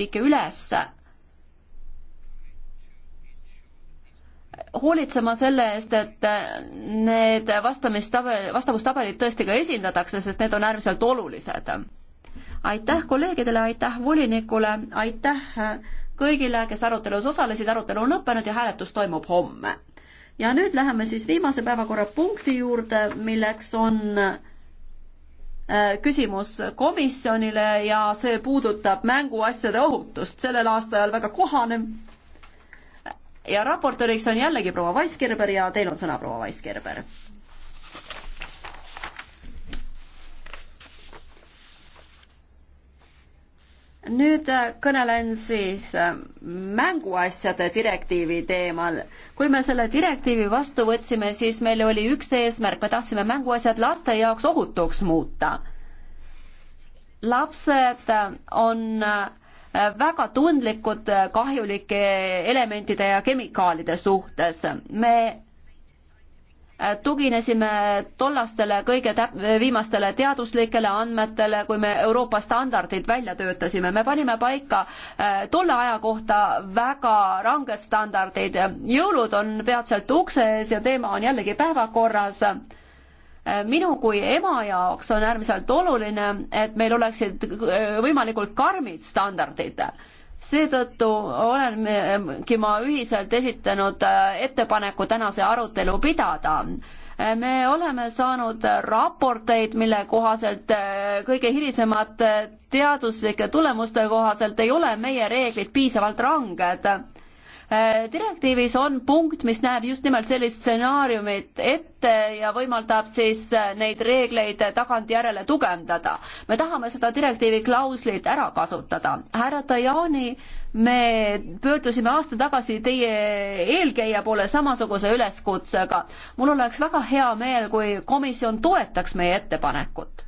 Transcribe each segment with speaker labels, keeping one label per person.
Speaker 1: liike üles, hoolitsema selle eest, et need vastamistabel, vastavustabelid tõesti ka esindatakse, sest need on äärmiselt olulised. aitäh kolleegidele, aitäh volinikule, aitäh kõigile, kes arutelus osalesid, arutelu on lõppenud ja hääletus toimub homme. ja nüüd läheme siis viimase päevakorrapunkti juurde, milleks on Äh, küsimus komisjonile ja see puudutab mänguasjade ohutust, sellel aastal väga kohane. ja raportööriks on jällegi proua Vaiskerber ja teil on sõna, proua Vaiskerber nüüd äh, kõnelen siis äh, mänguasjade direktiivi teemal. kui me selle direktiivi vastu võtsime, siis meil oli üks eesmärk, me tahtsime mänguasjad laste jaoks ohutuks muuta. lapsed äh, on väga tundlikud kahjulike elementide ja kemikaalide suhtes. me tuginesime tollastele kõige täp-, viimastele teaduslikele andmetele, kui me Euroopa standardid välja töötasime, me panime paika äh, tolle aja kohta väga ranged standardid, jõulud on peatselt ukse ees ja teema on jällegi päevakorras äh, minu kui ema jaoks on äärmiselt oluline, et meil oleksid äh, võimalikult karmid standardid seetõttu olemegi ma ühiselt esitanud äh, ettepaneku tänase arutelu pidada äh, me oleme saanud raporteid, mille kohaselt äh, kõige hilisemate teaduslike tulemuste kohaselt ei ole meie reeglid piisavalt ranged Äh, direktiivis on punkt, mis näeb just nimelt sellist stsenaariumit ette ja võimaldab siis äh, neid reegleid tagantjärele tugevdada. me tahame seda direktiivi klauslit ära kasutada. härra Tajani, me pöördusime aasta tagasi teie eelkäija poole samasuguse üleskutsega. mul oleks väga hea meel, kui komisjon toetaks meie ettepanekut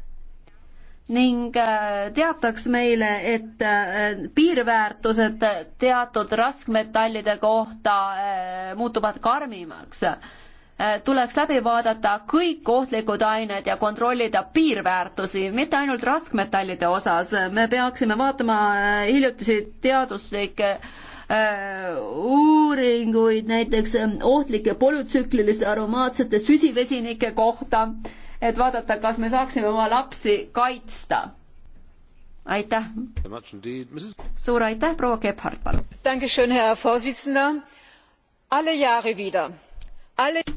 Speaker 1: ning äh, teataks meile, et äh, piirväärtused teatud raskmetallide kohta äh, muutuvad karmimaks. tuleks läbi vaadata kõik ohtlikud ained ja kontrollida piirväärtusi, mitte ainult raskmetallide osas. me peaksime vaatama hiljutisi teaduslikke uuringuid näiteks ohtlike polütsükliliste aromaatsete süsivesinike kohta et vaadata, kas me saaksime oma lapsi kaitsta. aitäh. suur aitäh, proua Gebhard, palun.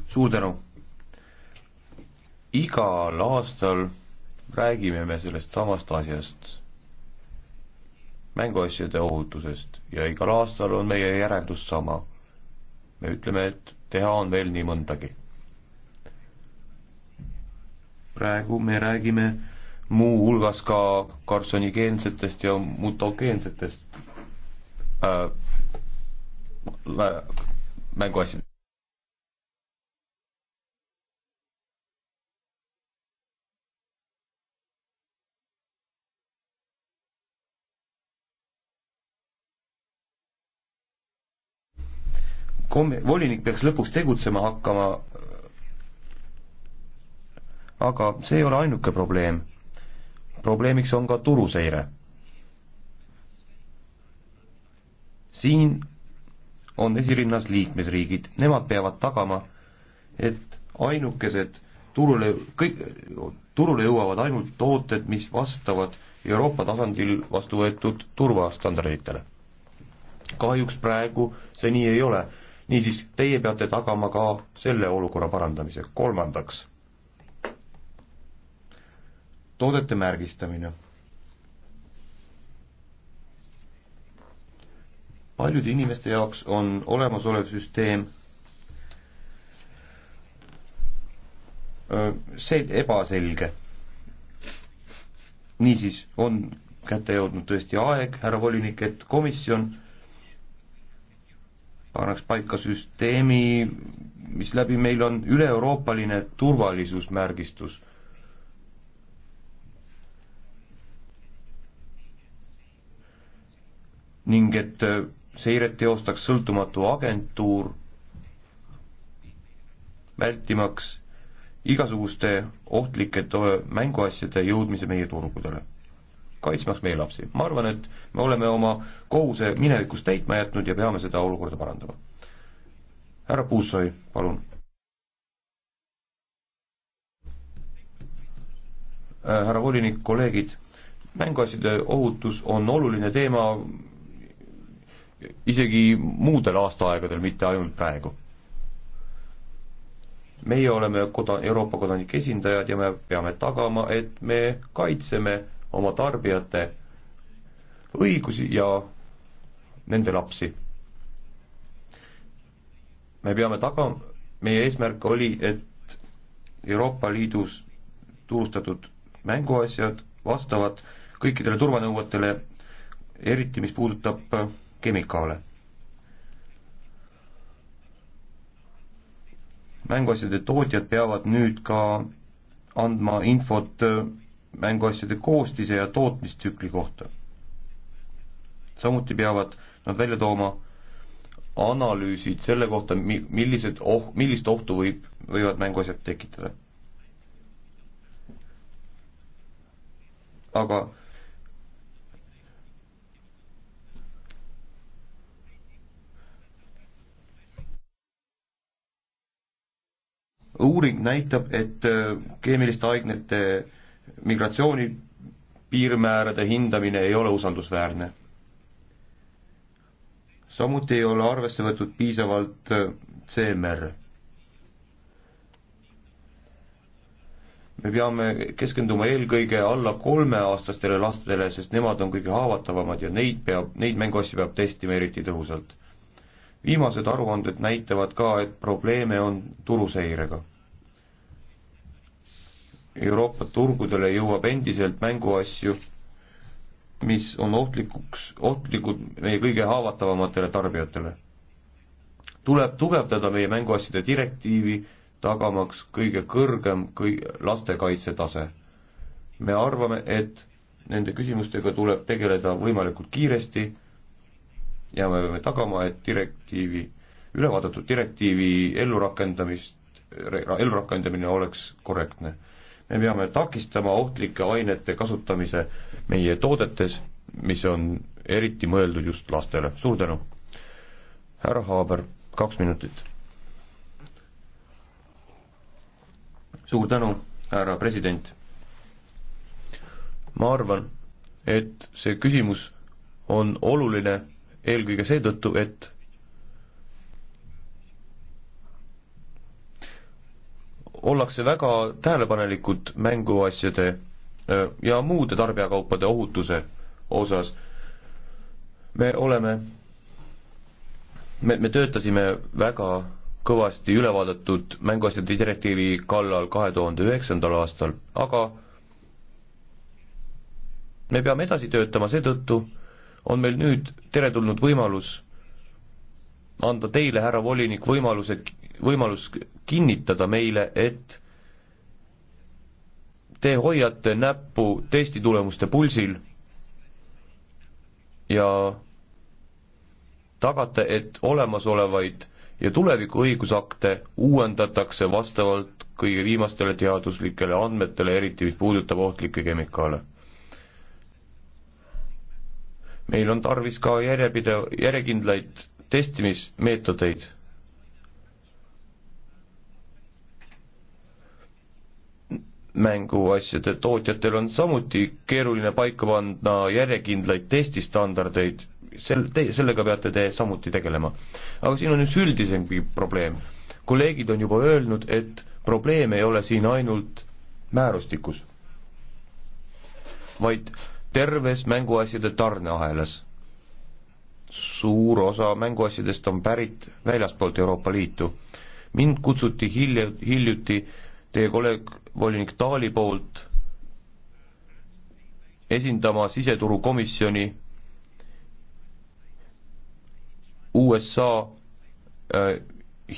Speaker 2: suur tänu. igal aastal räägime me sellest samast asjast, mänguasjade ohutusest ja igal aastal on meie järeldus sama. me ütleme, et teha on veel nii mõndagi praegu me räägime muuhulgas ka kartsenigeensetest ja mutageensetest äh, mänguasjadest. kom-, volinik peaks lõpuks tegutsema hakkama aga see ei ole ainuke probleem. probleemiks on ka turuseire. siin on esirinnas liikmesriigid, nemad peavad tagama, et ainukesed turule, kõik, turule jõuavad ainult tooted, mis vastavad Euroopa tasandil vastu võetud turvastandarditele. kahjuks praegu see nii ei ole. niisiis, teie peate tagama ka selle olukorra parandamise. kolmandaks toodete märgistamine. paljude inimeste jaoks on olemasolev süsteem äh, see ebaselge. niisiis on kätte jõudnud tõesti aeg, härra volinik, et komisjon pannakse paika süsteemi, mis läbi meil on üle-euroopaline turvalisusmärgistus ning et äh, seiret teostaks sõltumatu agentuur, vältimaks igasuguste ohtlike mänguasjade jõudmise meie turgudele, kaitsmaks meie lapsi. ma arvan, et me oleme oma kohuse minevikus täitma jätnud ja peame seda olukorda parandama. härra Puussoi, palun. Äh, härra volinik, kolleegid, mänguasjade ohutus on oluline teema, isegi muudel aastaaegadel, mitte ainult praegu. meie oleme koda-, Euroopa kodanike esindajad ja me peame tagama, et me kaitseme oma tarbijate õigusi ja nende lapsi. me peame taga-, meie eesmärk oli, et Euroopa Liidus turustatud mänguasjad vastavad kõikidele turvanõuetele, eriti mis puudutab kemikaale. mänguasjade tootjad peavad nüüd ka andma infot äh, mänguasjade koostise ja tootmistsükli kohta. samuti peavad nad välja tooma analüüsid selle kohta, mi-, millised oh-, millist ohtu võib, võivad mänguasjad tekitada. aga uuring näitab, et äh, keemiliste aignete migratsiooni piirmäärade hindamine ei ole usaldusväärne. samuti ei ole arvesse võetud piisavalt äh, CMR. me peame keskenduma eelkõige alla kolmeaastastele lastele, sest nemad on kõige haavatavamad ja neid peab, neid mänguasju peab testima eriti tõhusalt viimased aruanded näitavad ka, et probleeme on turuseirega. Euroopa turgudele jõuab endiselt mänguasju, mis on ohtlikuks, ohtlikud meie kõige haavatavamatele tarbijatele. tuleb tugevdada meie mänguasjade direktiivi, tagamaks kõige kõrgem kõi-, lastekaitse tase. me arvame, et nende küsimustega tuleb tegeleda võimalikult kiiresti ja me peame tagama, et direktiivi, üle vaadatud direktiivi ellurakendamist, ellurakendamine oleks korrektne. me peame takistama ohtlike ainete kasutamise meie toodetes, mis on eriti mõeldud just lastele. suur tänu! härra Haaber, kaks minutit. suur tänu, härra president! ma arvan, et see küsimus on oluline eelkõige seetõttu, et ollakse väga tähelepanelikud mänguasjade ja muude tarbijakaupade ohutuse osas. me oleme, me, me töötasime väga kõvasti üle vaadatud mänguasjade direktiivi kallal kahe tuhande üheksandal aastal, aga me peame edasi töötama seetõttu, on meil nüüd teretulnud võimalus anda teile, härra volinik, võimaluse, võimalus kinnitada meile, et te hoiate näppu testitulemuste pulsil ja tagate, et olemasolevaid ja tuleviku õigusakte uuendatakse vastavalt kõige viimastele teaduslikele andmetele, eriti mis puudutab ohtlikke kemikaale meil on tarvis ka järjepidev, järjekindlaid testimismeetodeid. mänguasjade tootjatel on samuti keeruline paika panna järjekindlaid testistandardeid, sel-, te-, sellega peate te samuti tegelema. aga siin on üks üldisem probleem. kolleegid on juba öelnud, et probleem ei ole siin ainult määrustikus, vaid terves mänguasjade tarneahelas. suur osa mänguasjadest on pärit väljaspoolt Euroopa Liitu. mind kutsuti hilja, hiljuti teie kolleeg volinik Taali poolt esindama siseturukomisjoni USA äh,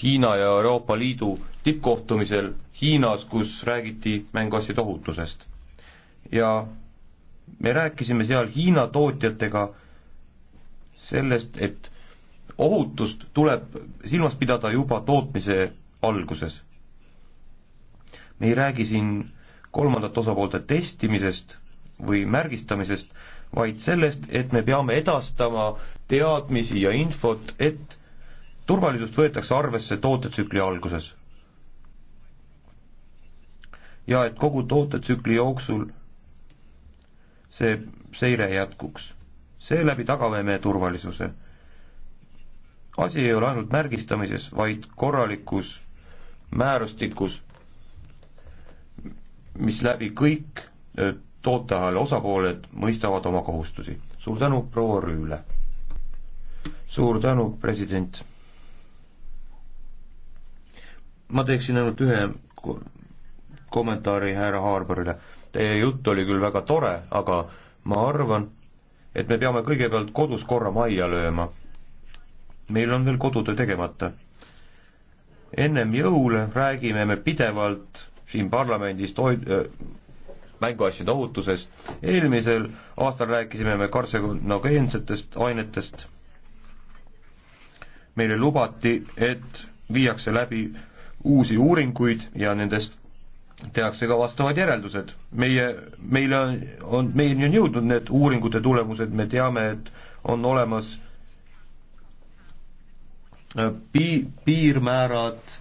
Speaker 2: Hiina ja Euroopa Liidu tippkohtumisel Hiinas, kus räägiti mänguasjade ohutusest. ja me rääkisime seal Hiina tootjatega sellest, et ohutust tuleb silmas pidada juba tootmise alguses. me ei räägi siin kolmandat osapoolte testimisest või märgistamisest, vaid sellest, et me peame edastama teadmisi ja infot, et turvalisust võetakse arvesse tootetsükli alguses. ja et kogu tootetsükli jooksul see seire jätkuks. seeläbi tagame me turvalisuse. asi ei ole ainult märgistamises, vaid korralikus määrustikus, mis läbi kõik tooteahela osapooled mõistavad oma kohustusi. suur tänu, proua Rüüle! suur tänu, president! ma teeksin ainult ühe kommentaari härra Haarberile Teie jutt oli küll väga tore, aga ma arvan, et me peame kõigepealt kodus korra majja lööma. meil on veel kodutöö tegemata. ennem jõule räägime me pidevalt siin parlamendis toid- äh,, mänguasjade ohutusest, eelmisel aastal rääkisime me kartsenogeensetest ainetest, meile lubati, et viiakse läbi uusi uuringuid ja nendest tehakse ka vastavad järeldused. meie, meile on, on, meieni on jõudnud need uuringute tulemused, me teame, et on olemas äh, pi-, piirmäärad äh,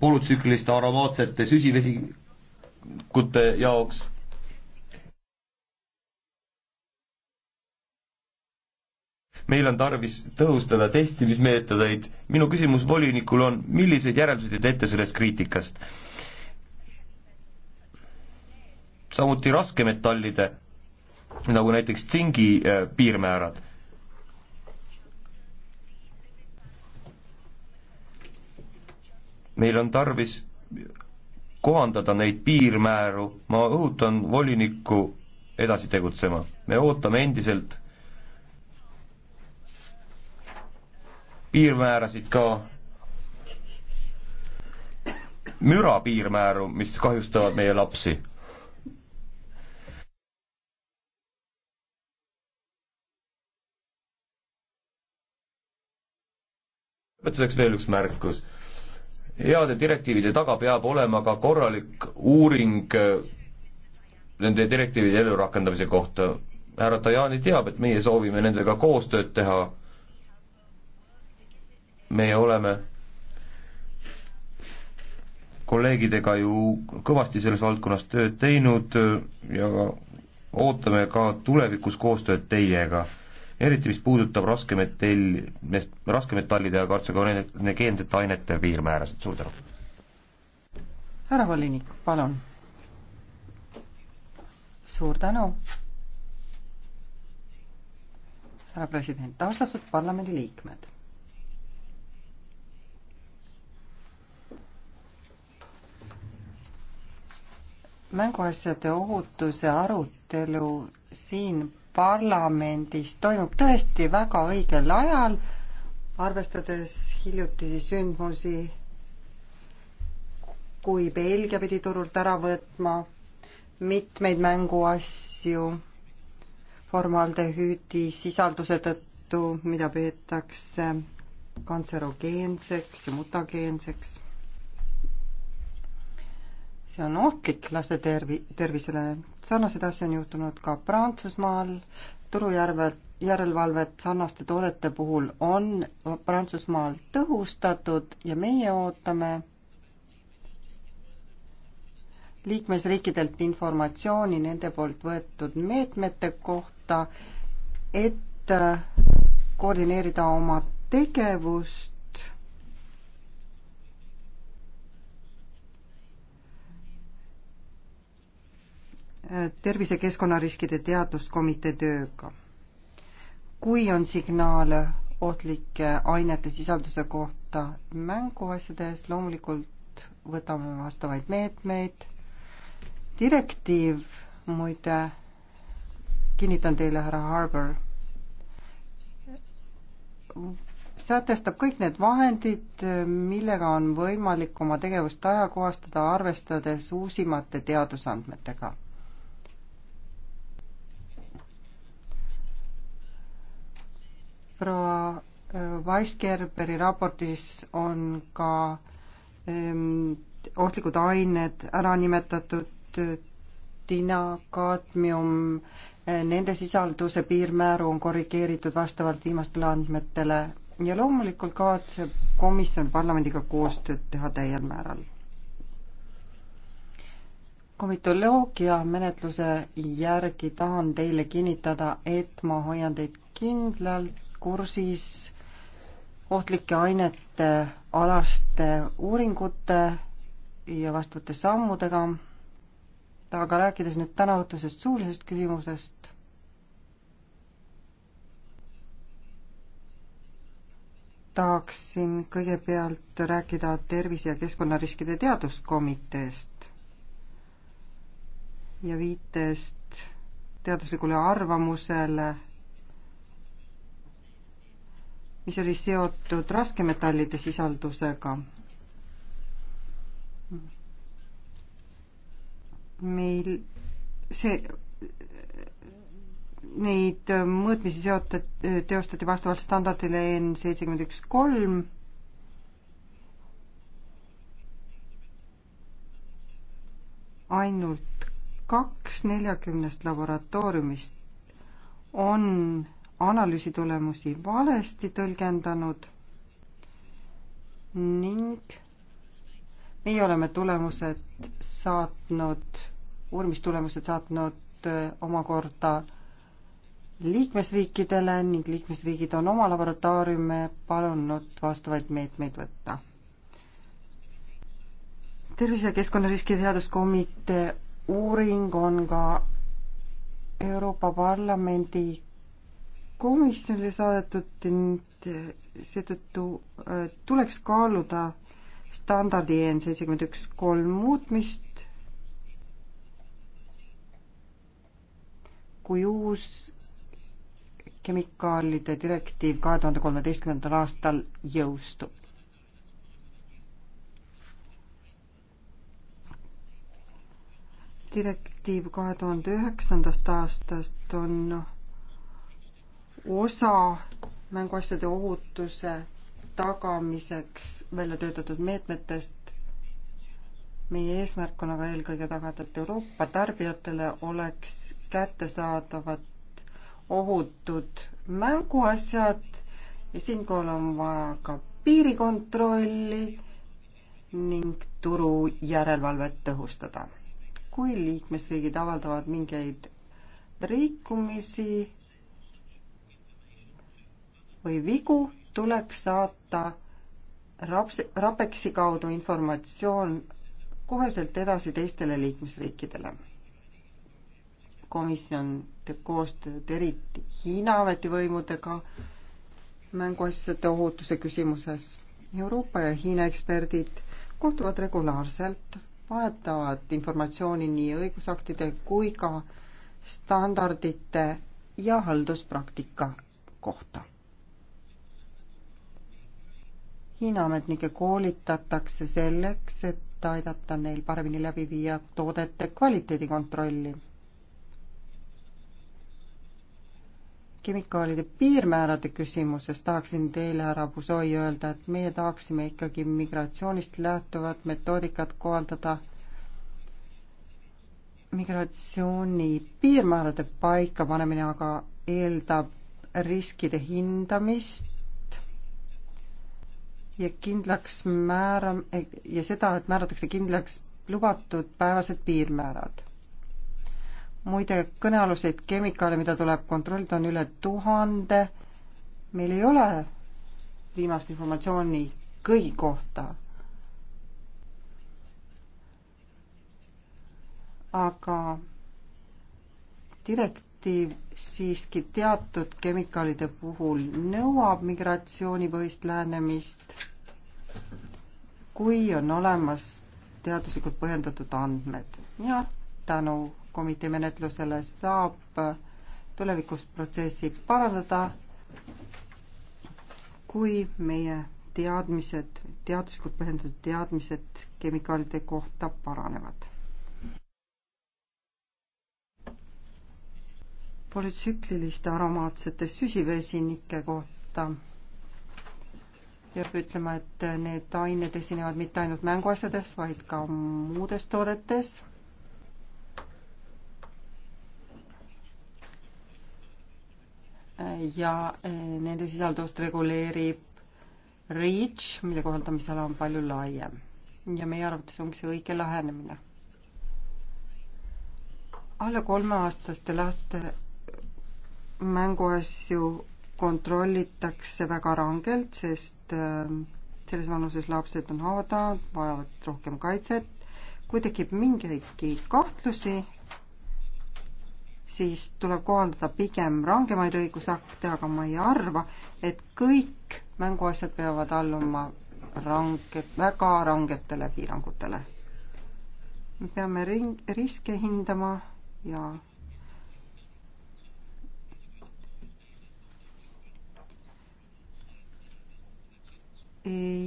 Speaker 2: polütsükliliste aromaatsete süsivesikute jaoks meil on tarvis tõhustada testimismeetodeid, minu küsimus volinikule on, milliseid järeldusi te teete sellest kriitikast? samuti raskemetallide, nagu näiteks tsingi äh, piirmäärad. meil on tarvis kohandada neid piirmääru, ma õhutan volinikku edasi tegutsema, me ootame endiselt piirmäärasid ka müra piirmääru, mis kahjustavad meie lapsi. lõpetuseks veel üks märkus. heade direktiivide taga peab olema ka korralik uuring äh, nende direktiivide ellurakendamise kohta. härra Tajani teab, et meie soovime nendega koostööd teha meie oleme kolleegidega ju kõvasti selles valdkonnas tööd teinud ja ootame ka tulevikus koostööd teiega, eriti mis puudutab raskemetall, raskemetallide ja kartsenogeensete ainete piirmäärasid, suur tänu!
Speaker 3: härra volinik, palun! suur tänu! härra president, austatud parlamendiliikmed mänguasjade ohutuse arutelu siin parlamendis toimub tõesti väga õigel ajal, arvestades hiljutisi sündmusi, kui Belgia pidi turult ära võtma mitmeid mänguasju formaldehüüdi sisalduse tõttu, mida peetakse kantserogeenseks ja mutageenseks see on ohtlik laste tervi-, tervisele. sarnaseid asju on juhtunud ka Prantsusmaal, turujärve, järelevalvet sarnaste toodete puhul on Prantsusmaal tõhustatud ja meie ootame liikmesriikidelt informatsiooni nende poolt võetud meetmete kohta, et koordineerida oma tegevust Äh, tervisekeskkonnariskide teaduskomitee tööga. kui on signaale ohtlike ainete sisalduse kohta mänguasjades, loomulikult võtame vastavaid meetmeid. direktiiv muide, kinnitan teile, härra Harbour, sätestab kõik need vahendid, millega on võimalik oma tegevust ajakohastada, arvestades uusimate teadusandmetega proua äh, Weisgerberi raportis on ka ähm, ohtlikud ained ära nimetatud, äh, tina, kaadmium, äh, nende sisalduse piirmääru on korrigeeritud vastavalt viimastele andmetele ja loomulikult kavatseb komisjon parlamendiga koostööd teha täiel määral. komitoloogia menetluse järgi tahan teile kinnitada, et ma hoian teid kindlalt kursis ohtlike ainete alaste uuringute ja vastavate sammudega. aga rääkides nüüd tänaõhtusest suulisest küsimusest, tahaksin kõigepealt rääkida tervise- ja keskkonnariskide teaduskomiteest ja viitest teaduslikule arvamusele mis oli seotud raskemetallide sisaldusega. meil see, neid mõõtmisi seota-, teostati vastavalt standardile N seitsekümmend üks kolm ainult kaks neljakümnest laboratooriumist on analüüsi tulemusi valesti tõlgendanud ning meie oleme tulemused saatnud, uurimistulemused saatnud äh, omakorda liikmesriikidele ning liikmesriigid on oma laboratooriume palunud vastavaid meetmeid võtta. tervise- ja keskkonnariskide teaduskomitee uuring on ka Euroopa Parlamendi komisjonile saadetud ning seetõttu äh, tuleks kaaluda standardi EN seitsekümmend üks kolm muutmist, kui uus kemikaalide direktiiv kahe tuhande kolmeteistkümnendal aastal jõustub. direktiiv kahe tuhande üheksandast aastast on osa mänguasjade ohutuse tagamiseks välja töötatud meetmetest. meie eesmärk on aga eelkõige tagada, et Euroopa tarbijatele oleks kättesaadavad ohutud mänguasjad ja siinkohal on vaja ka piirikontrolli ning turu järelevalvet tõhustada. kui liikmesriigid avaldavad mingeid rikkumisi, või vigu, tuleks saata raps-, RAPEX-i kaudu informatsioon koheselt edasi teistele liikmesriikidele. komisjon teeb koostööd eriti Hiina ametivõimudega mänguasjade ohutuse küsimuses. Euroopa ja Hiina eksperdid kohtuvad regulaarselt, vahetavad informatsiooni nii õigusaktide kui ka standardite ja halduspraktika kohta Hiina ametnikke koolitatakse selleks, et aidata neil paremini läbi viia toodete kvaliteedikontrolli. kemikaalide piirmäärade küsimuses tahaksin teile, härra Buzoi, öelda, et meie tahaksime ikkagi migratsioonist lähtuvat metoodikat kohaldada migratsiooni piirmäärade paikapanemine aga eeldab riskide hindamist ja kindlaks määra- ja seda, et määratakse kindlaks lubatud päevased piirmäärad. muide, kõnealuseid kemikaale, mida tuleb kontrollida, on üle tuhande. meil ei ole viimast informatsiooni kõigi kohta. aga direkt-, direktiiv siiski teatud kemikaalide puhul nõuab migratsioonipõhist lähenemist, kui on olemas teaduslikult põhjendatud andmed. jah, tänu komitee menetlusele saab tulevikus protsessi parandada, kui meie teadmised, teaduslikult põhjendatud teadmised kemikaalide kohta paranevad polütsükliliste aromaatsete süsivesinike kohta. peab ütlema, et need ained esinevad mitte ainult mänguasjades, vaid ka muudes toodetes. ja eh, nende sisaldust reguleerib REACH, mille kohaldamisala on palju laiem ja meie arvates ongi see õige lähenemine alla kolmeaastaste laste mänguasju kontrollitakse väga rangelt, sest ähm, selles vanuses lapsed on haavatavad, vajavad rohkem kaitset. kui tekib mingeidki kahtlusi, siis tuleb kohaldada pigem rangemaid õigusakte, aga ma ei arva, et kõik mänguasjad peavad alluma range, väga rangetele piirangutele. me peame ring, riske hindama ja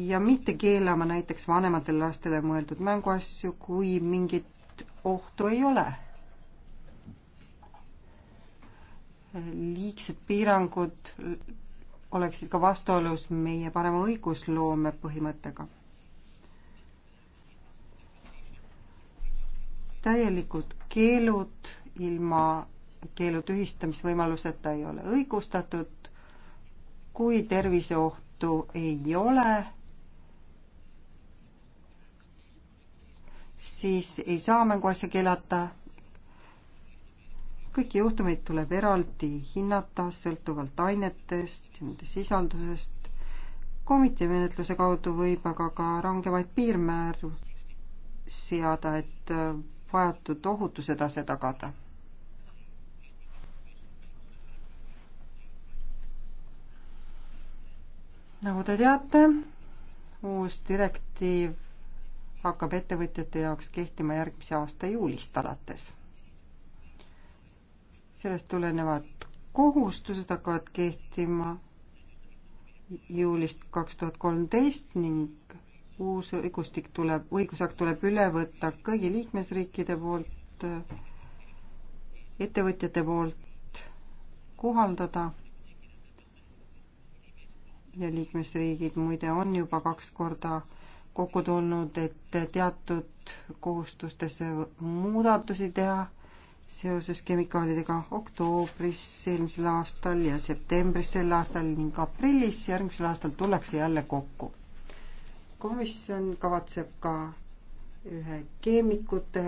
Speaker 3: ja mitte keelama näiteks vanematele lastele mõeldud mänguasju, kui mingit ohtu ei ole. liigsed piirangud oleksid ka vastuolus meie parema õigusloome põhimõttega. täielikult keelud ilma keelu tühistamisvõimaluseta ei ole õigustatud, kui terviseoht vastu ei ole, siis ei saa mänguasja keelata. kõiki juhtumeid tuleb eraldi hinnata sõltuvalt ainetest ja nende sisaldusest. komitee menetluse kaudu võib aga ka rangemaid piirmääru seada, et vajatud ohutuse tase tagada nagu te teate, uus direktiiv hakkab ettevõtjate jaoks kehtima järgmise aasta juulist alates. sellest tulenevad kohustused hakkavad kehtima juulist kaks tuhat kolmteist ning uus õigustik tuleb, õigusakt tuleb üle võtta kõigi liikmesriikide poolt, ettevõtjate poolt kohaldada ja liikmesriigid muide on juba kaks korda kokku tulnud, et teatud kohustustesse muudatusi teha seoses kemikaalidega oktoobris eelmisel aastal ja septembris sel aastal ning aprillis järgmisel aastal tullakse jälle kokku. komisjon kavatseb ka ühe keemikute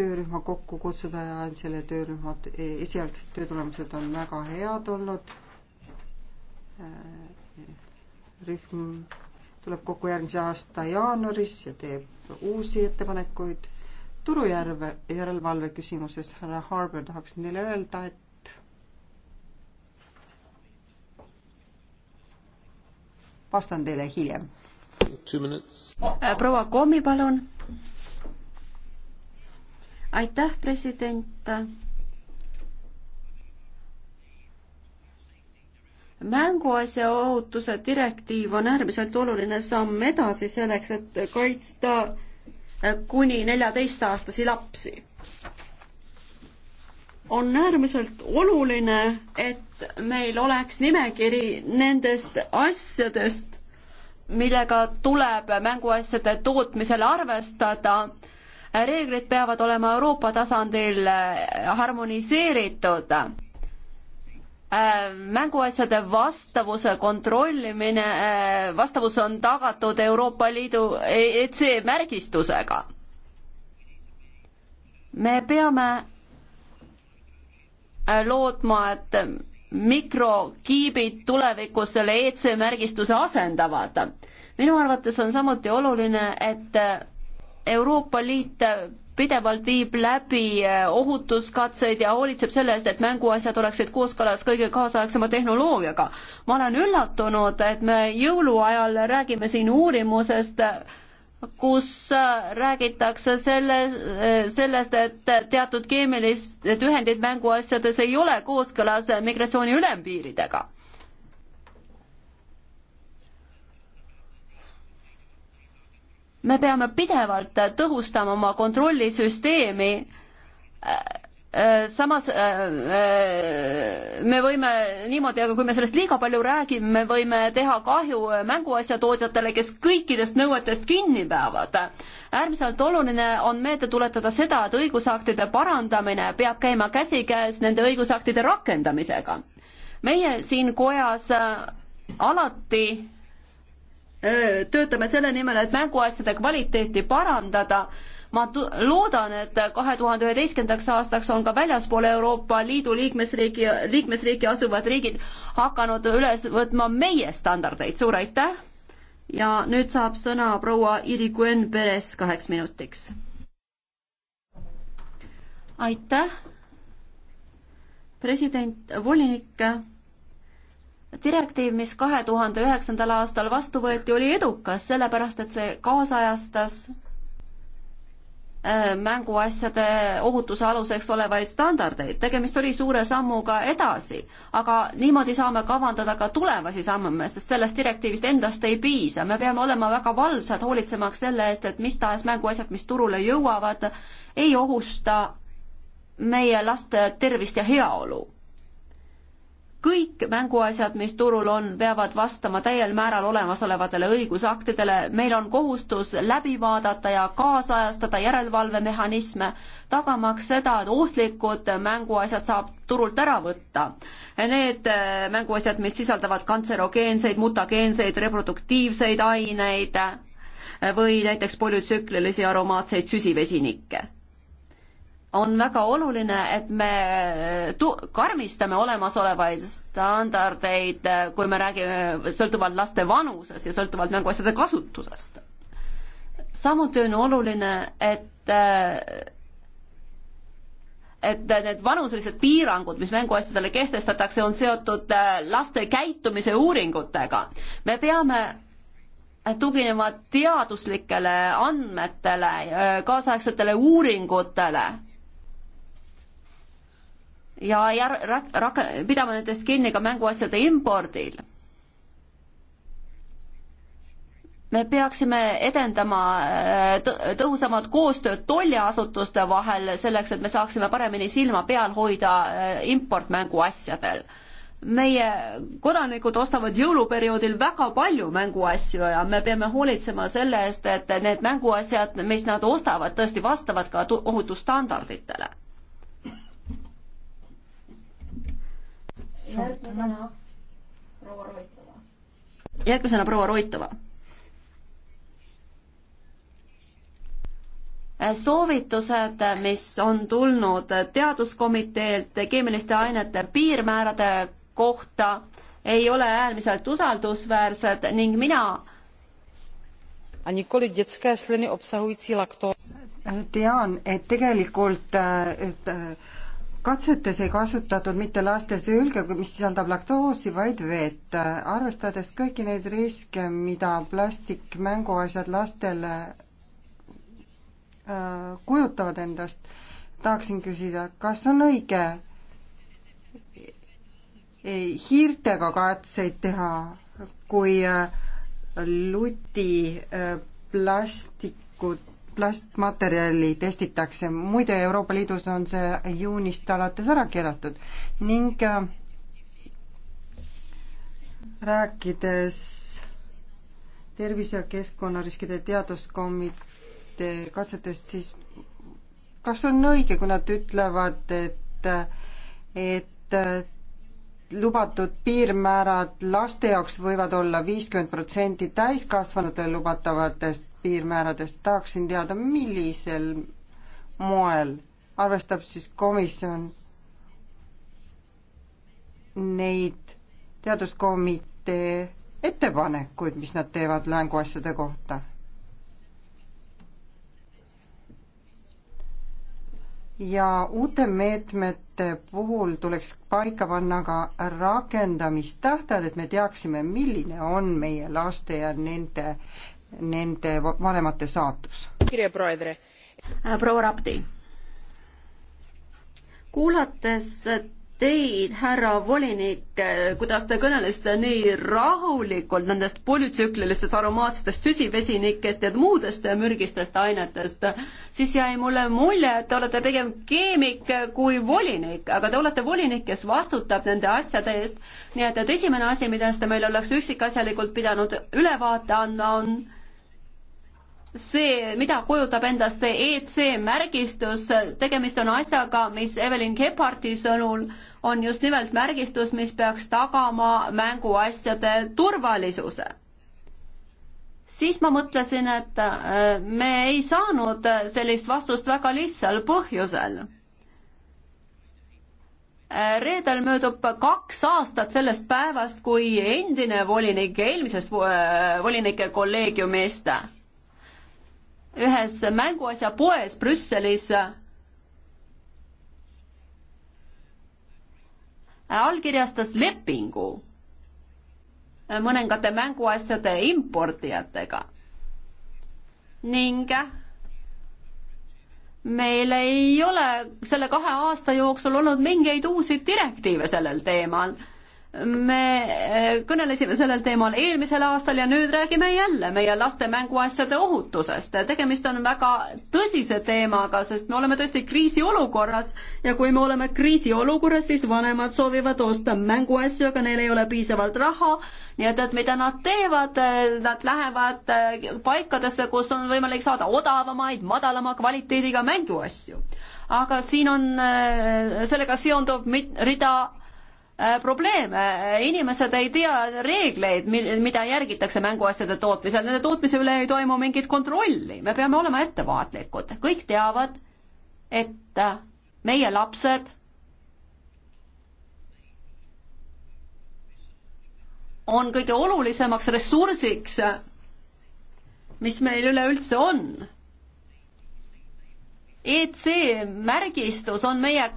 Speaker 3: töörühma kokku kutsuda ja selle töörühma e, esialgsed töötulemused on väga head olnud äh, rühm tuleb kokku järgmise aasta jaanuaris ja teeb uusi ettepanekuid. turujärve järelevalve küsimuses härra Harber tahaks neile öelda, et vastan teile hiljem.
Speaker 2: Äh,
Speaker 1: proua Komi, palun. aitäh, president mänguasja ohutuse direktiiv on äärmiselt oluline samm edasi selleks, et kaitsta äh, kuni neljateistaastasi lapsi. on äärmiselt oluline, et meil oleks nimekiri nendest asjadest, millega tuleb mänguasjade tootmisel arvestada. reeglid peavad olema Euroopa tasandil harmoniseeritud Äh, mänguasjade vastavuse kontrollimine, äh, vastavus on tagatud Euroopa Liidu EC e märgistusega. me peame äh, lootma, et mikrokiibid tulevikus selle EC e märgistuse asendavad. minu arvates on samuti oluline, et Euroopa Liit pidevalt viib läbi äh, ohutuskatseid ja hoolitseb selle eest, et mänguasjad oleksid kooskõlas kõige kaasaegsema tehnoloogiaga. ma olen üllatunud, et me jõuluajal räägime siin uurimusest, kus äh, räägitakse selle, äh, sellest, et teatud keemilised tühendid mänguasjades ei ole kooskõlas migratsiooni ülempiiridega me peame pidevalt tõhustama oma kontrollisüsteemi äh, äh, samas äh, me võime niimoodi, aga kui me sellest liiga palju räägime, me võime teha kahju mänguasjatootjatele, kes kõikidest nõuetest kinni peavad. äärmiselt oluline on meelde tuletada seda, et õigusaktide parandamine peab käima käsikäes nende õigusaktide rakendamisega. meie siin kojas alati töötame selle nimel, et mänguasjade kvaliteeti parandada. ma loodan, et kahe tuhande üheteistkümnendaks aastaks on ka väljaspool Euroopa Liidu liikmesriigi, liikmesriiki asuvad riigid hakanud üles võtma meie standardeid, suur aitäh! ja nüüd saab sõna proua Iriguen Perez kaheks minutiks. aitäh, president, volinik direktiiv, mis kahe tuhande üheksandal aastal vastu võeti, oli edukas, sellepärast et see kaasajastas äh, mänguasjade ohutuse aluseks olevaid standardeid. tegemist oli suure sammuga edasi, aga niimoodi saame kavandada ka tulevasi samme, sest sellest direktiivist endast ei piisa. me peame olema väga valvsad, hoolitsemaks selle eest, et mis tahes mänguasjad, mis turule jõuavad, ei ohusta meie laste tervist ja heaolu kõik mänguasjad, mis turul on, peavad vastama täiel määral olemasolevatele õigusaktidele, meil on kohustus läbi vaadata ja kaasajastada järelevalvemehhanisme, tagamaks seda, et ohtlikud mänguasjad saab turult ära võtta. Need äh, mänguasjad, mis sisaldavad kantserogeenseid, mutageenseid, reproduktiivseid aineid äh, või näiteks polütsüklilisi aromaatseid süsivesinikke on väga oluline, et me eh, tu-, karmistame olemasolevaid standardeid, eh, kui me räägime sõltuvalt laste vanusest ja sõltuvalt mänguasjade kasutusest. samuti on oluline, et eh, et need vanuselised piirangud, mis mänguasjadele kehtestatakse, on seotud laste käitumise uuringutega. me peame tuginema teaduslikele andmetele, kaasaegsetele uuringutele ja jär-, rak-, rak-, pidama nendest kinni ka mänguasjade impordil. me peaksime edendama äh, tõhusamat koostööd tolliasutuste vahel selleks, et me saaksime paremini silma peal hoida äh, importmänguasjadel meie kodanikud ostavad jõuluperioodil väga palju mänguasju ja me peame hoolitsema selle eest, et need mänguasjad, mis nad ostavad, tõesti vastavad ka ohutusstandarditele. järgmisena proua Roitova. järgmisena proua Roitova. soovitused, mis on tulnud teaduskomiteelt keemiliste ainete piirmäärade kohta, ei ole äärmiselt usaldusväärsed ning mina
Speaker 3: a nikoli dětské sliny obsahující laktózu. tean, et tegelikult et, katsetes ei kasutatud mitte laste sülge, mis sisaldab laktoosi, vaid vett. arvestades kõiki neid riske, mida plastikmänguasjad lastele äh, kujutavad endast, tahaksin küsida, kas on õige hiirtega katseid teha, kui äh, luti äh, plastikut plastmaterjali testitakse, muide Euroopa Liidus on see juunist alates ära keelatud ning äh, rääkides tervise- ja keskkonnariskide teaduskomitee katsetest, siis kas on õige, kui nad ütlevad, et, et äh, lubatud piirmäärad laste jaoks võivad olla viiskümmend protsenti täiskasvanutele lubatavatest piirmääradest, tahaksin teada, millisel moel arvestab siis komisjon neid teaduskomitee ettepanekuid, mis nad teevad loenguasjade kohta. ja uute meetmete puhul tuleks paika panna ka rakendamistähtajad, et me teaksime, milline on meie laste ja nende nende vanemate saatus. Äh, proua Rapti,
Speaker 1: kuulates teid, härra volinik, äh, kuidas te kõnelesite nii rahulikult nendest polütsüklilistest aromaatsetest süsivesinikest ja muudest mürgistest ainetest, siis jäi mulle mulje, et te olete pigem keemik kui volinik, aga te olete volinik, kes vastutab nende asjade eest. nii et, et esimene asi, millest te meil oleks üksikasjalikult pidanud ülevaate andma, on see, mida kujutab endast see EC märgistus, tegemist on asjaga, mis Evelyn Gebhardi sõnul on just nimelt märgistus, mis peaks tagama mänguasjade turvalisuse. siis ma mõtlesin, et äh, me ei saanud sellist vastust väga lihtsal põhjusel. Äh, reedel möödub kaks aastat sellest päevast, kui endine volinik eelmisest äh, volinike kolleegiumist ühes mänguasjapoes Brüsselis allkirjastas lepingu mõningate mänguasjade importijatega ning meil ei ole selle kahe aasta jooksul olnud mingeid uusi direktiive sellel teemal me eh, kõnelesime sellel teemal eelmisel aastal ja nüüd räägime jälle meie laste mänguasjade ohutusest. tegemist on väga tõsise teemaga, sest me oleme tõesti kriisiolukorras ja kui me oleme kriisiolukorras, siis vanemad soovivad osta mänguasju, aga neil ei ole piisavalt raha. nii et, et mida nad teevad, eh, nad lähevad eh, paikadesse, kus on võimalik saada odavamaid, madalama kvaliteediga mänguasju. aga siin on sellega seonduv rida Äh, probleeme, äh, inimesed ei tea reegleid, mida järgitakse mänguasjade tootmisel, nende tootmise üle ei toimu mingit kontrolli, me peame olema ettevaatlikud, kõik teavad, et äh, meie lapsed on kõige olulisemaks ressursiks, mis meil üleüldse on EC märgistus on meie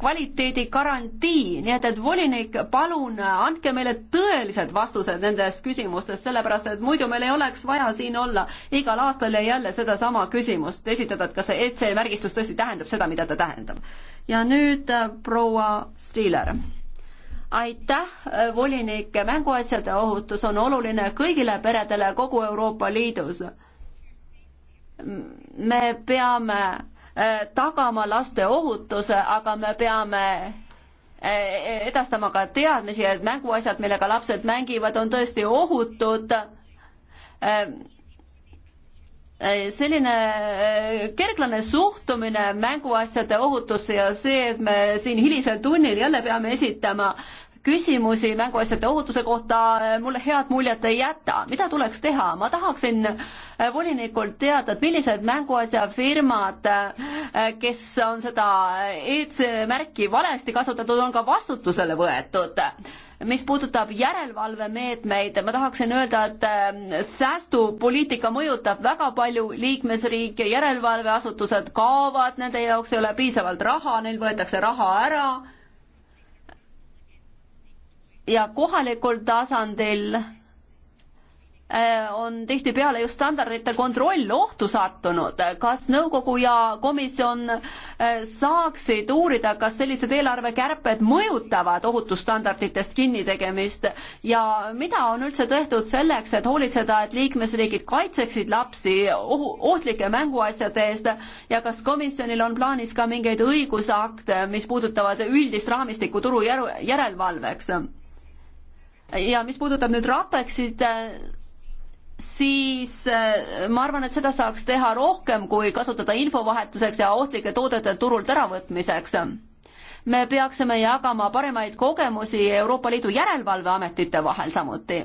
Speaker 1: kvaliteedi garantii, nii et, et volinik, palun andke meile tõelised vastused nendes küsimustes, sellepärast et muidu meil ei oleks vaja siin olla igal aastal ja jälle sedasama küsimust esitada, et kas see EC märgistus tõesti tähendab seda, mida ta tähendab. ja nüüd äh, proua Stiiler aitäh, äh, volinik, mänguasjade ohutus on oluline kõigile peredele kogu Euroopa Liidus. me peame Äh, tagama laste ohutuse, aga me peame äh, edastama ka teadmisi, et mänguasjad, millega lapsed mängivad, on tõesti ohutud. Äh, selline kerglane suhtumine mänguasjade ohutusse ja see, et me siin hilisel tunnil jälle peame esitama küsimusi mänguasjade ohutuse kohta äh, mulle head muljet ei jäta. mida tuleks teha? ma tahaksin äh, volinikult teada, et millised mänguasjafirmad, äh, kes on seda EC-märki valesti kasutatud, on ka vastutusele võetud mis puudutab järelevalvemeetmeid, ma tahaksin öelda, et säästupoliitika mõjutab väga palju liikmesriike, järelevalveasutused kaovad, nende jaoks ei ole piisavalt raha, neil võetakse raha ära ja kohalikul tasandil äh, on tihtipeale just standardite kontroll ohtu sattunud. kas nõukogu ja komisjon äh, saaksid uurida, kas sellised eelarvekärped mõjutavad ohutusstandarditest kinnitegemist ja mida on üldse tehtud selleks, et hoolitseda, et liikmesriigid kaitseksid lapsi ohu, ohtlike mänguasjade eest ja kas komisjonil on plaanis ka mingeid õigusakte, mis puudutavad üldist raamistikku turu järelevalveks? ja mis puudutab nüüd Rapexit, siis äh, ma arvan, et seda saaks teha rohkem, kui kasutada infovahetuseks ja ohtlike toodete turult äravõtmiseks. me peaksime jagama paremaid kogemusi Euroopa Liidu järelevalveametite vahel samuti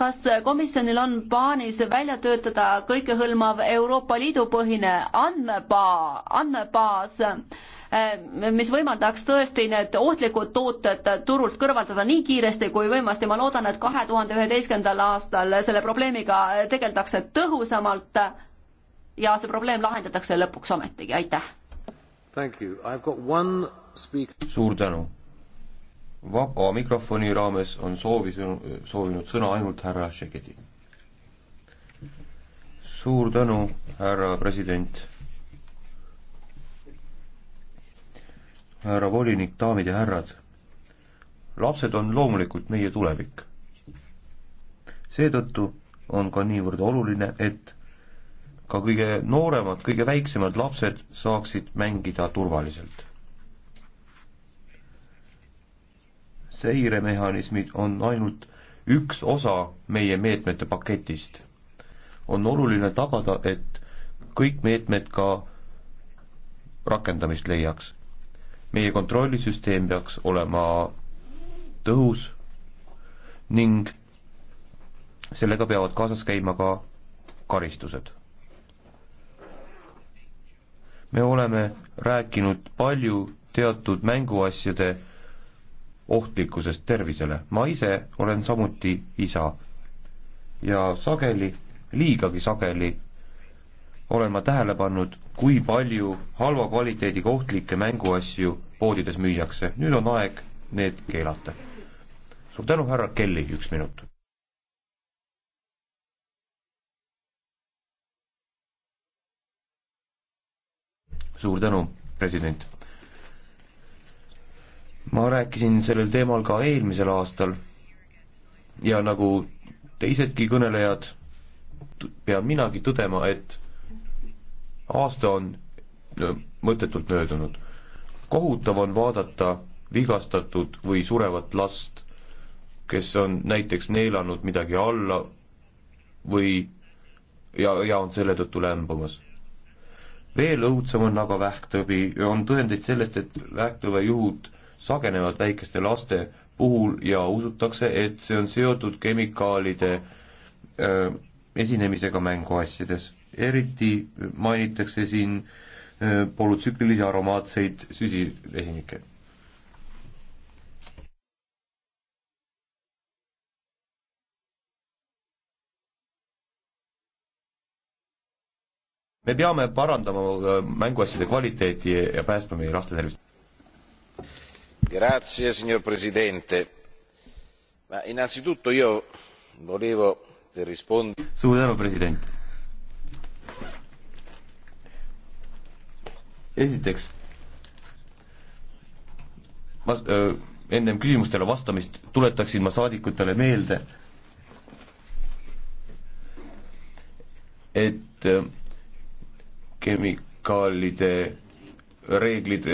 Speaker 1: kas komisjonil on plaanis välja töötada kõikehõlmav Euroopa Liidu põhine andmebaa, andmebaas, eh, mis võimaldaks tõesti need ohtlikud tooted turult kõrvaldada nii kiiresti kui võimasti. ma loodan, et kahe tuhande üheteistkümnendal aastal selle probleemiga tegeldakse tõhusamalt ja see probleem lahendatakse lõpuks ometigi, aitäh!
Speaker 2: suur tänu! vaba mikrofoni raames on soovi, soovinud sõna ainult härra Šegedi. suur tänu, härra president. härra volinik, daamid ja härrad. lapsed on loomulikult meie tulevik. seetõttu on ka niivõrd oluline, et ka kõige nooremad, kõige väiksemad lapsed saaksid mängida turvaliselt seiremehhanismid on ainult üks osa meie meetmete paketist. on oluline tagada, et kõik meetmed ka rakendamist leiaks. meie kontrollisüsteem peaks olema tõhus ning sellega peavad kaasas käima ka karistused. me oleme rääkinud palju teatud mänguasjade ohtlikkusest tervisele. ma ise olen samuti isa ja sageli, liigagi sageli olen ma tähele pannud, kui palju halva kvaliteediga ohtlikke mänguasju poodides müüakse. nüüd on aeg need keelata. suur tänu, härra Kelly, üks minut. suur tänu, president ma rääkisin sellel teemal ka eelmisel aastal ja nagu teisedki kõnelejad, pean minagi tõdema, et aasta on mõttetult möödunud. kohutav on vaadata vigastatud või surevat last, kes on näiteks neelanud midagi alla või ja, ja on selle tõttu lämbumas. veel õudsem on aga vähktõbi, on tõendeid sellest, et vähktõve juhud sagenevad väikeste laste puhul ja usutakse, et see on seotud kemikaalide öö, äh, esinemisega mänguasjades. eriti mainitakse siin öö, äh, polütsüklilisi aromaatseid süsivesinikke. me peame parandama äh, mänguasjade kvaliteeti ja päästma meie laste tervist signor presidente innanzitutto io volevo per rispondere. esiteks ma äh, enne küsimustele vastamist tuletaksin ma saadikutele meelde et äh, kemikaalide reeglid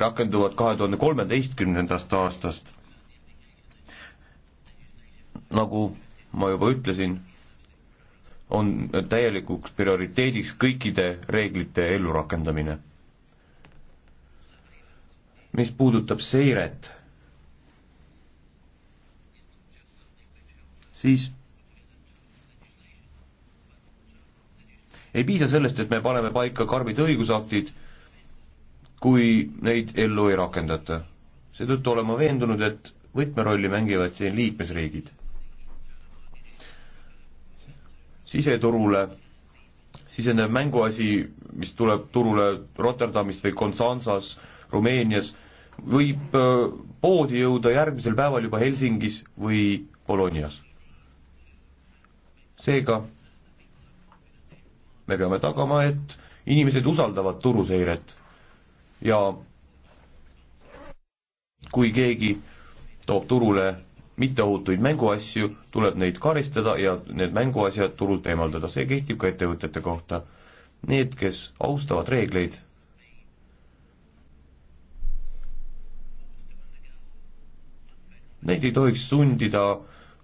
Speaker 2: rakenduvad kahe tuhande kolmeteistkümnendast aastast. nagu ma juba ütlesin, on täielikuks prioriteediks kõikide reeglite ellurakendamine. mis puudutab seiret, siis ei piisa sellest, et me paneme paika karmid õigusaktid kui neid ellu ei rakendata. seetõttu olen ma veendunud, et võtmerolli mängivad siin liikmesriigid. siseturule sisenev mänguasi, mis tuleb turule Rotterdamist või Konstanzas Rumeenias, võib äh, poodi jõuda järgmisel päeval juba Helsingis või Bolognas. seega me peame tagama, et inimesed usaldavad turuseiret ja kui keegi toob turule mitteohutuid mänguasju, tuleb neid karistada ja need mänguasjad turult eemaldada, see kehtib ka ettevõtete kohta. Need, kes austavad reegleid, neid ei tohiks sundida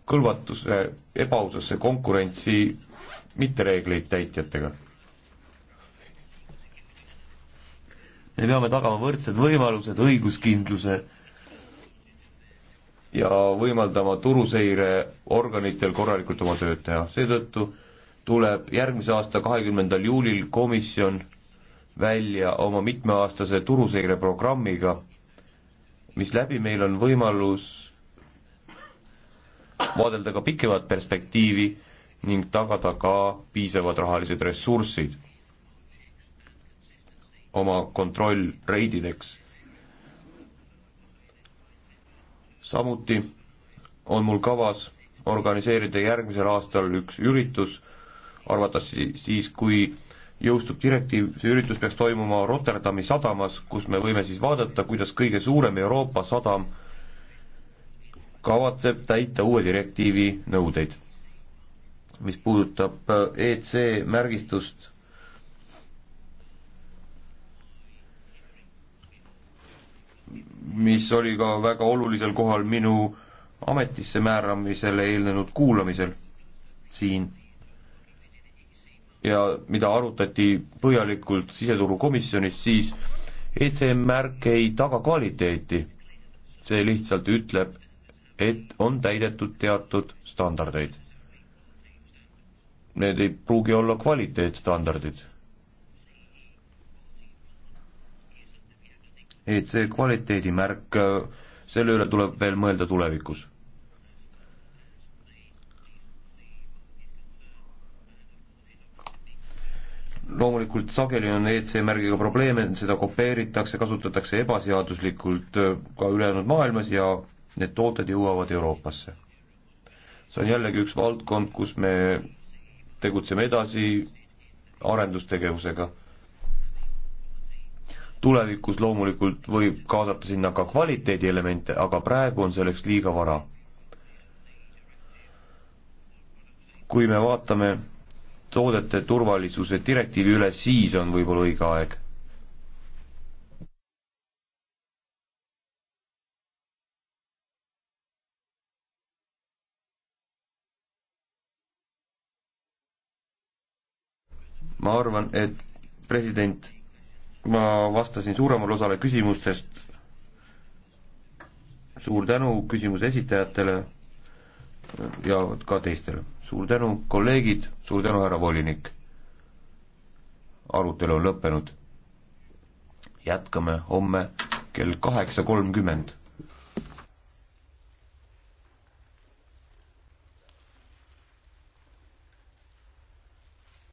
Speaker 2: kõlvatuse, ebaausasse konkurentsi mittereegleid täitjatega me peame tagama võrdsed võimalused, õiguskindluse ja võimaldama turuseireorganitel korralikult oma tööd teha. seetõttu tuleb järgmise aasta kahekümnendal juulil komisjon välja oma mitmeaastase turuseireprogrammiga, mis läbi meil on võimalus vaadelda ka pikemat perspektiivi ning tagada ka piisavad rahalised ressursid oma kontrollreidideks. samuti on mul kavas organiseerida järgmisel aastal üks üritus, arvates siis, kui jõustub direktiiv, see üritus peaks toimuma Rotterdami sadamas, kus me võime siis vaadata, kuidas kõige suurem Euroopa sadam kavatseb täita uue direktiivi nõudeid. mis puudutab äh, EC märgistust mis oli ka väga olulisel kohal minu ametisse määramisele eelnenud kuulamisel siin ja mida arutati põhjalikult siseturukomisjonis, siis ECM märk ei taga kvaliteeti. see lihtsalt ütleb, et on täidetud teatud standardeid. Need ei pruugi olla kvaliteetstandardid et see kvaliteedimärk, äh, selle üle tuleb veel mõelda tulevikus. loomulikult sageli on EC märgiga probleeme, seda kopeeritakse, kasutatakse ebaseaduslikult äh, ka ülejäänud maailmas ja need tooted jõuavad Euroopasse. see on jällegi üks valdkond, kus me tegutseme edasi arendustegevusega tulevikus loomulikult võib kaasata sinna ka kvaliteedielemente, aga praegu on selleks liiga vara. kui me vaatame toodete turvalisuse direktiivi üle, siis on võib-olla õige aeg. ma arvan, et president ma vastasin suuremale osale küsimustest. suur tänu küsimuse esitajatele ja ka teistele. suur tänu, kolleegid, suur tänu, härra volinik. arutelu on lõppenud. jätkame homme kell kaheksa kolmkümmend